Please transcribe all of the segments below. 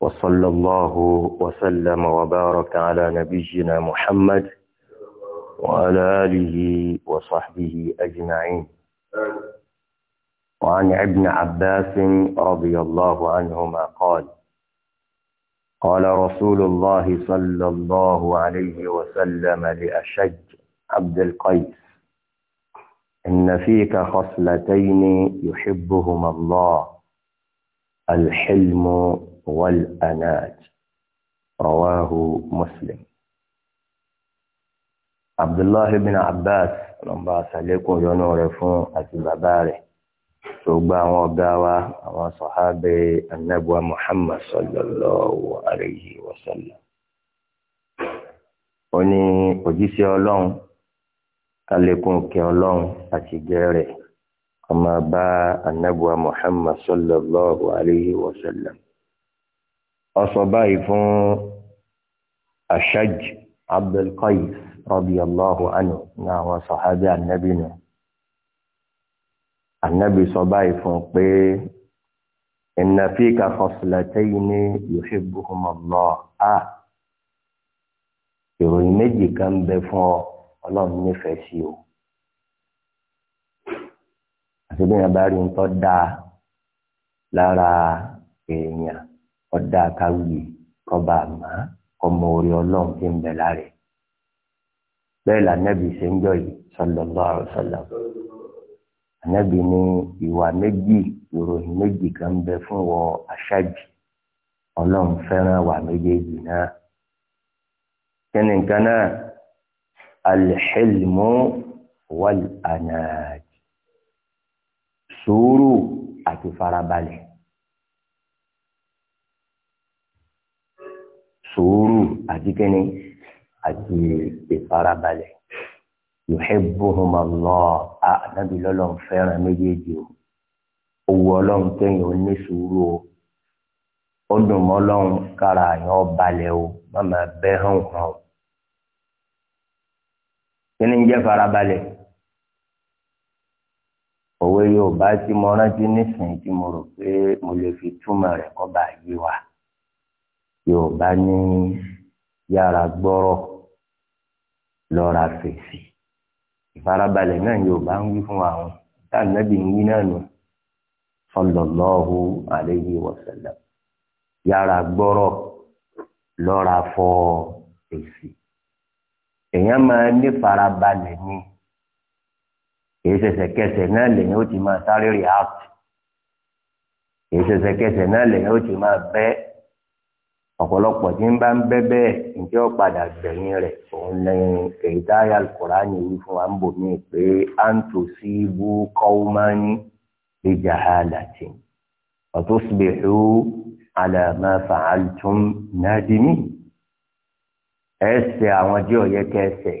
وصلى الله وسلم وبارك على نبينا محمد وعلى آله وصحبه أجمعين وعن ابن عباس رضي الله عنهما قال قال رسول الله صلى الله عليه وسلم لأشج عبد القيس إن فيك خصلتين يحبهما الله الحلم والأناج رواه مسلم عبد الله بن عباس lọ́nba àṣàlékún yọnu rẹ̀ fún àti bàbá rẹ̀ tó gba àwọn ọ̀gá wa àwọn sọ̀hábẹ́ anábùwà Muhammad sallallahu alayhi wa sallam. ó ní òjíṣẹ́ ọlọ́run kálékún kẹ́ ọlọ́run àti gẹ́rẹ́ ọmọ bá anábùwà muhammad sallallahu alayhi wa sallam ọsọ báyìí fún ashaj abdulqais radiyallahu anhu ní àwọn sàhábì anábì náà anábì sọ báyìí fún pé inna fika khaslatayni yuhibbuhuma Allah a ìròyìn méjì kan bẹ fún ọ ọlọ́run nífẹ̀ẹ́ sí o àti bí wọn bá rí ń tọ́ da lára èèyàn ọ̀dà káwí kọba àmọ́ ọmọ orí ọlọ́run ti ń bẹ láre bẹ́ẹ̀ lànàbì ṣe ń jọ yìí sallallahu alaihi wasallam ànàbì ní ìwà méjì ìròyìn méjì kan bẹ fún wọ aṣáájì ọlọ́run fẹ́ràn wà méjèèjì náà kí ni nǹkan náà al-hilmu wal-anaa sùúrù àti farabalẹ̀ sùúrù àti kẹ́ni àti ìfarabalẹ̀ yuhibbuhum Allah ànábì lọ́lọ́run fẹ́ràn méjèèjì o owó ọlọ́run kẹ́yìn ó ní sùúrù o ó dùn mọ́ ọlọ́run kára àyàn balẹ̀ o má máa bẹ́ hàn hàn o ń jẹ́ farabalẹ̀ òwe yorùbá tí mo rántí nísìnyí tí mo rò pé mo lè fi túmọ̀ rẹ̀ kọ́ bá yé wa yorùbá ní yára gbọ́rọ̀ lọ́ra fèsì ìfarabalẹ̀ náà yorùbá ń wí fún àwọn táà ń wí náà nù sallallahu alayhi wa sallam yára gbọ́rọ̀ lọ́ra fọ́ fèsì èèyàn máa ní farabalẹ̀ ni kìí ṣẹ̀ṣẹ̀kẹsẹ̀ náà lẹ́yìn ó ti máa sáré react kìí ṣẹ̀ṣẹ̀kẹsẹ̀ náà lẹ́yìn ó ti máa bẹ́ ọ̀pọ̀lọpọ̀ tí ń bá ń bẹ́ bẹ́ẹ̀ ǹjẹ́ ó padà gbẹ̀yìn rẹ̀ òun lẹ́yìn èyí táyà alukóra ni wí fún wa ń bò mí pé à sí ibú kọ́wọ́mání lè jà á làtì ọ̀tún síbìrú àlàmà fàáltùm nàdìmí ẹ̀ ṣe àwọn jẹ́ ọ̀yẹ́kẹ́ ẹ̀ṣẹ̀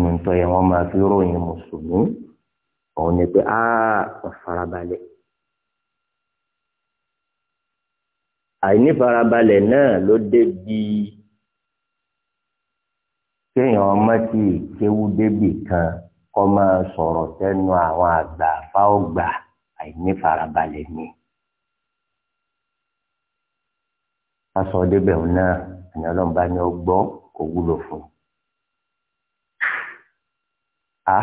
nínú ntọ́ yẹn wọ́n máa fi ròyìn mùsùlùmí òun ni pé áá farabalẹ̀. àìní farabalẹ̀ náà ló débi kéèyàn ọmọ tí kéwú débì kan kọ́ máa sọ̀rọ̀ tẹnu àwọn àgbà fáwọ́gbà àìní farabalẹ̀ ni. aṣọ débẹ̀ òun náà ẹ̀yìn ọlọ́mùbá ni ó gbọ́ kò wúlò fún un. a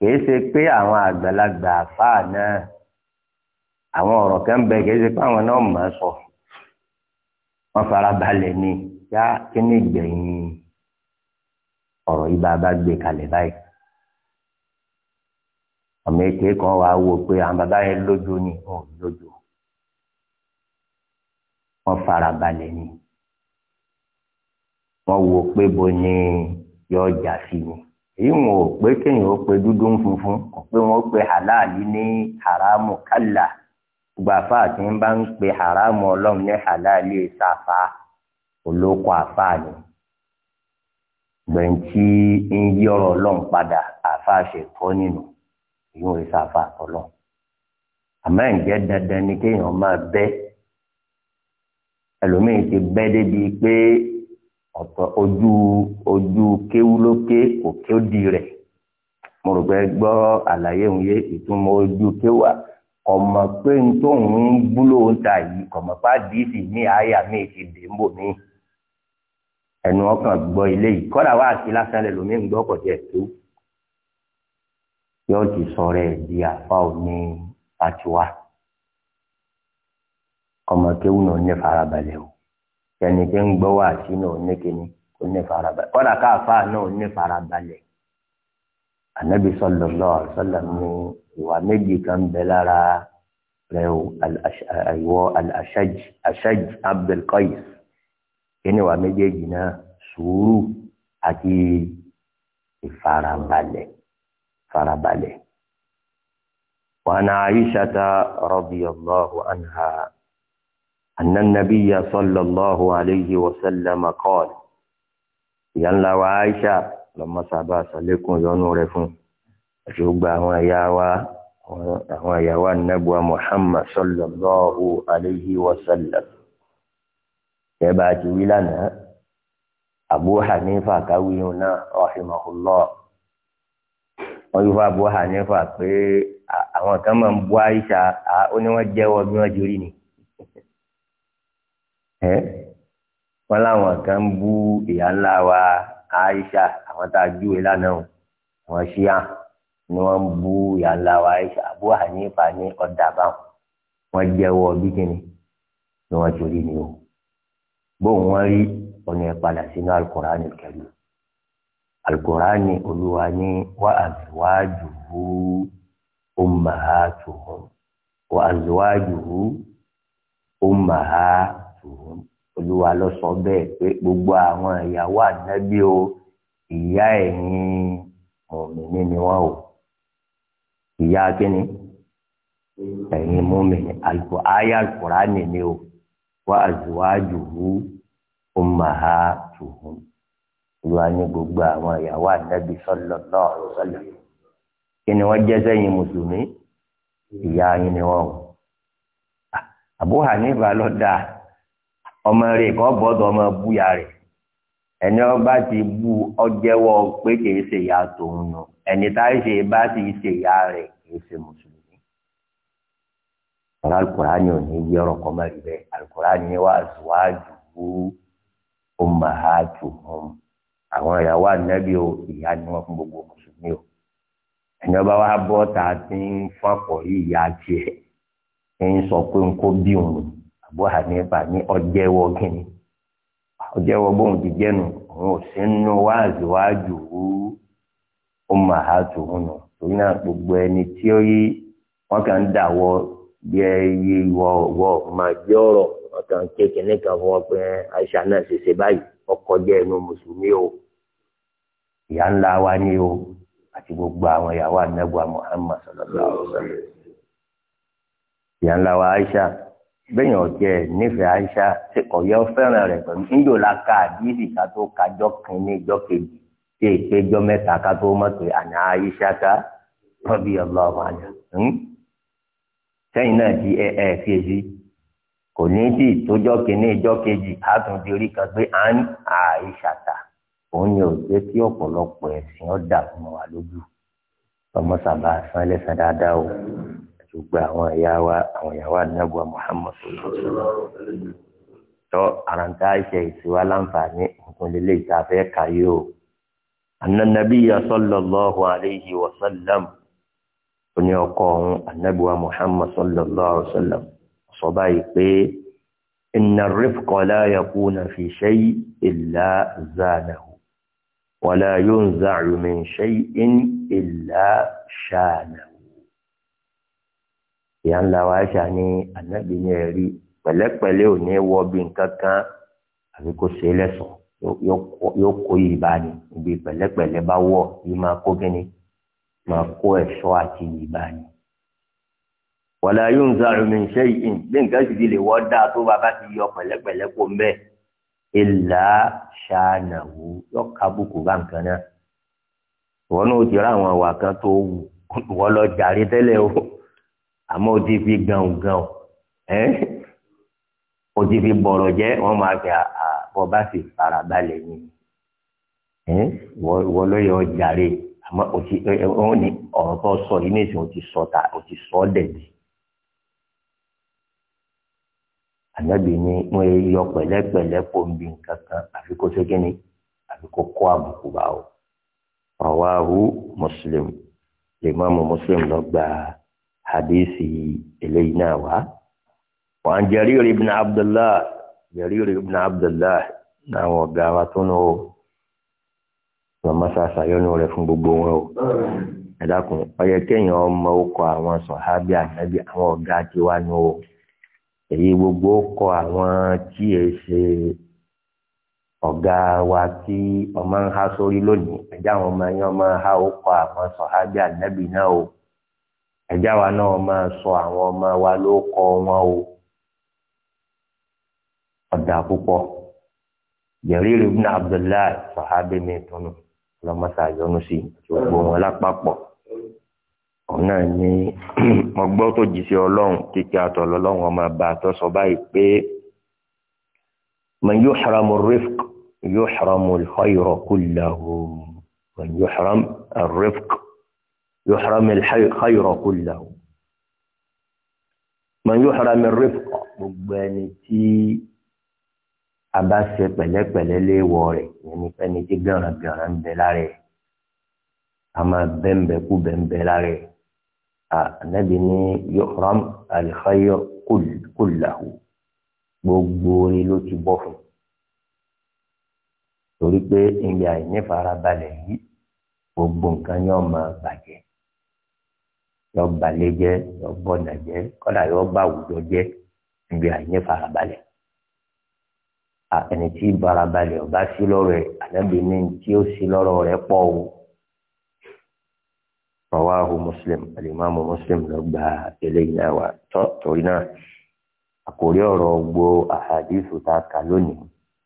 kìí ṣe pé àwọn àgbàlagbà àfáà náà àwọn ọ̀rọ̀ kan bẹ kìí ṣe pé àwọn náà mọ̀ ọ́ sọ wọ́n fara balẹ̀ ni yá kí ni gbẹ̀yìn ọ̀rọ̀ yìí bá a bá gbé kalẹ̀ báyìí èké kan wàá wò pé àwọn bàbá yẹn lójú ni wọn ò lójú wọn fara balẹ̀ ni wọn wò pé bo ni yọ ọjà sí ni èyí wọn ò pé kéèyàn ó pe dúdú ń funfun kò pé wọn ó pe halali ní haramu kálá gbàfà àti ń bá ń pe haramu ọlọ́run ní halali ìsàfà olóko àfààní gbẹ̀ǹtì ń yí ọ̀rọ̀ ọlọ́run padà àfàṣe kọ́ nínú èyí wọn ìsàfà ọlọ́run àmọ́ ǹjẹ́ dandan ni kéèyàn máa bẹ́ ẹlòmíì ti bẹ́ débi pé ọ̀tọ̀ ojú ojú kéwú lókè òkè òdì rẹ̀ mo rò pé gbọ́ àlàyé òun yé ìtumọ̀ ojú kéwà ọmọ pé n tó ń gbúlò ń ta yìí ọmọ pa dìísì ní àyà mi ti dè ń bò mí ẹnu ọkàn gbọ́ ilé yìí kọ́dà wá sí lásán lẹ́nu mi ń gbọ́ pọ̀ jẹ́ tó yóò ti sọ̀rọ̀ ẹ̀ di àfa òní àtiwá ọmọ kéwù náà ní farabalẹ̀ o tẹni tí ń gbọ́ wá sí náà oníkíní onífarabalẹ̀ kọ́dà káfá náà onífarabalẹ̀ anabi sallallahu alaihi wasallam ní ìwà méjì kan bẹ lára rẹ o àìwọ al-ashaj ashaj abdul qais kíni ìwà méjèèjì náà sùúrù àti ìfarabalẹ̀ farabalẹ̀. وعن عائشة رضي الله عنها أن النبي صلى الله عليه وسلم قال يلا وعائشة لما سابا سلكم ينورفون أشوبا وياوا وياوا النبوة محمد صلى الله عليه وسلم يباتي لنا أبو Hanifa káwíyún رحمه الله wọn yóò fọ Abu Hanifa pé àwọn kan máa ń bú Aisha ó ní wọn jẹ́wọ́ bí wọn jorí ni ẹ wọn láwọn kan bú ìyá ńlá wa Aisha àwọn tá a júwe lánàá o wọn ṣíà ni wọn bú ìyá ńlá wa Aisha Abu Hanifa ní ọdà báwọn wọn jẹ́wọ́ bí kíni ni wọn torí ni o bóun wọn rí ọ̀nà ìpadà sínú Al-Qur'an al-Karim Al-Qur'ani olúwa ní wa azwajuhu ummahatuhum wa azwajuhu ummaha àtùhún olúwa ló sọ bẹ́ẹ̀ pé gbogbo àwọn ìyàwó ànábì o ìyá ẹ̀yin mùmìnì ni wọ́n o ìyá kínní ẹ̀yin mùmìnì alùpù ayé alùkùránì ni o wá azwajuhu ummahatuhum olúwa ní gbogbo àwọn ìyàwó ànábì sallallahu alaihi wasallam kí ni wọ́n jẹ́ sẹ́yìn mùsùlùmí ìyá yín ni wọ́n o ah, Abu Hanifa ló ọmọ rẹ̀ kọ́ bọ́dọ̀ ọmọ búya rẹ ẹni ọba ti bú ọjẹ́wọ́ pé kìí ṣe ìyá tòun nù ẹni tá a ṣe bá ti ṣe ìyá kìí ṣe mùsùlùmí. ò ní yí ni zuwájú bú àwọn ìyàwó o ìyá ni fún gbogbo mùsùlùmí o ẹni ọba wa bọ́ ta ti ń fọ́pọ̀ yìí ìyá tiẹ̀ ń Abu ha ní ọjẹ́wọ́ gíní ọjẹ́wọ́ bóun ti jẹ́nu òun ò sí nínú wáàzì wáàjù wú ọmọ àhàtù hùn nù torí náà gbogbo ẹni tí ó yí wọn kàn ń dàwọ bí ẹ yí wọ wọ máa jẹ ọ̀rọ̀ wọn kàn ń ké kan ọkọ jẹ ẹnu mùsùlùmí o ìyá ńlá o àti gbogbo àwọn ìyàwó Muhammad sallallahu alaihi ìyá ńlá wa bẹ́ẹ̀ yàn jẹ́ nífẹ̀ẹ́ Aisha ṣe kọ̀ yẹ fẹ́ràn rẹ̀ pẹ̀lú níjò la ka àdìsí ká tó kájọ́ kínní ìjọ́ kejì tí ìpéjọ́ mẹ́ta ká tó mọ̀ pé àná Aisha ká tọ́bi ọlọ́run àná sẹ́yìn náà ti ẹ ẹ fi èyí kò ní tí ìtójọ́ kínní ìjọ́ kejì àtúndì orí kan pé à ń Aisha ta òun ni ò jẹ́ kí ọ̀pọ̀lọpọ̀ ẹ̀sìn ọ̀dà fún wa lójú ọmọ sábà gbogbo àwọn ìyá wa àwọn ìyá wa nàbọ Muhammad tọ àràǹtà àìsè ìsìwá láǹfààní nǹkan lélẹ ìtàfẹ kàyé o ananabi ya sallallahu alayhi wa sallam oní ọkọ ọhún anabi wa Muhammad sallallahu alayhi wa sallam sọ báyìí pé inna rifqa la yakuna fi shay illa zanahu wala yunza'u min shay'in illa shanahu ìyá ńlá wa ṣà ní ànábì ní ẹ̀rí pẹ̀lẹ́pẹ̀lẹ́ ò ní wọ bí nǹkan kan àbí kó ṣe lẹ́sọ̀ọ́ yóò kó yìí bá ní ibi pẹ̀lẹ́pẹ̀lẹ́ bá wọ̀ yìí máa kó kíni máa kó ẹ̀ṣọ́ àti yìí bá ní. wàlá yóò ń sáré mi ṣe yìí bí nǹkan sì ti lè wọ́ dáa tó bàbá ti yọ pẹ̀lẹ́pẹ̀lẹ́ kó ń bẹ́ẹ̀ ìlà ṣàánàwó yóò ká bùkù bá nǹkan náà. ìwọ náà ti rá àwọn àwà kan tó wù wọ́n lọ jàre tẹ́lẹ̀ o àmọ́ ó ti fi gàùn gàùn ẹ́ ó ti fi bọ̀rọ̀ jẹ́ wọ́n máa fi àbọ̀ bá sì fara balẹ̀ ni ẹ́ wọ́n ló yọ jàre àmọ́ ó ti wọ́n ní ọ̀rọ̀ tó sọ yìí ní ìsìn ó ti sọ ta ó ti sọ dẹ̀bi. ànábì ni wọ́n yọ pẹ̀lẹ́pẹ̀lẹ́ kó ń bi nǹkan kan àfi kó ṣe kí àfi kó kó àbùkù bá o. rawahu Muslim lè má mu Muslim lọ gbàá hadisi eléyìí náà wá. wọ́n Jarir ibn Abdullah Jarir ibn Abdullah náwọn ọ̀gá wa tó nù ó màmá sàṣà yọnu rẹ̀ fún gbogbo wọn o. ẹ dákun ọyẹ kéèyàn ọmọ ọkọ àwọn sọ̀hábí ànábì àwọn ọ̀gá tiwa nù ó èyí gbogbo kọ àwọn tí ẹ ṣe ọ̀gá wa tí ọmọ ń há sórí lónìí ẹ̀já àwọn ọmọ yẹn ọmọ ha ó kọ àwọn sọ̀hábí ànábì náà o ẹjá wa náà máa sọ àwọn ọmọ wa ló kọ wọn o ọ̀dà púpọ̀ Jarir ibn Abdullahi sọ̀hábí mi tọ́nu ọlọ́mọṣà yọnu sí gbogbo wọn lápapọ̀ òun náà ní ọgbọ́ tó jì sí ọlọ́run kíkẹ́ àtọ̀ lọ́lọ́run ọmọ àbá àtọ́sọ báyìí pé man yuhramu rifq yuhramu al-khayra kullahu man yuhram ar-rifq yuhram al-khayra kullahu man yuhram ar-rifqa gbogbo ẹni tí a bá ṣe pẹ̀lẹ́pẹ̀lẹ́ léèwọ̀ rẹ̀ ẹni ẹni tí gàràngàràn ń bẹ lára ẹ̀ a máa bẹ́ńbẹ́ kú bẹ́ńbẹ́ lára ẹ̀ ànábì ní yuhram al-khayra kullahu gbogbo orin ló ti bọ́ fún torí pé ìyá ìnífarabalẹ̀ yìí gbogbo nǹkan yóò máa bàjẹ́ yọ balẹ̀ jẹ́ yọ bọ̀nà jẹ́ kọ́dà yọ bá àwùjọ jẹ́ níbi àìní farabalẹ̀ ẹni tí farabalẹ̀ ọba sí lọ́rọ̀ ẹ̀ ànábì ní tí ó sí lọ́rọ̀ rẹ̀ pọ̀ o rawahu muslim alimami muslim ló gba eléyìí náà wà tọ́ torí náà àkórí ọ̀rọ̀ gbogbo àhàdìsù tá a kà lónìí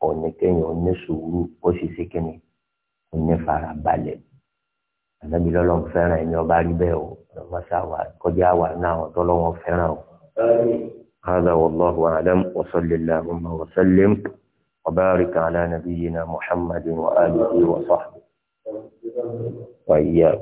ọ̀nì kẹ́yìn ọ̀nì sùúrù ó sì ṣe kẹ́yìn ọ̀nì farabalẹ̀ ànábì lọ́lọ́run fẹ́ràn ẹni ọba rí bẹ́ẹ̀ o. ما kọjá wà náà ọ̀tọ́lọ́wọ́ fẹ́ràn o. هذا والله أعلم وصل اللهم وسلم وبارك على نبينا محمد وآله وصحبه وإياكم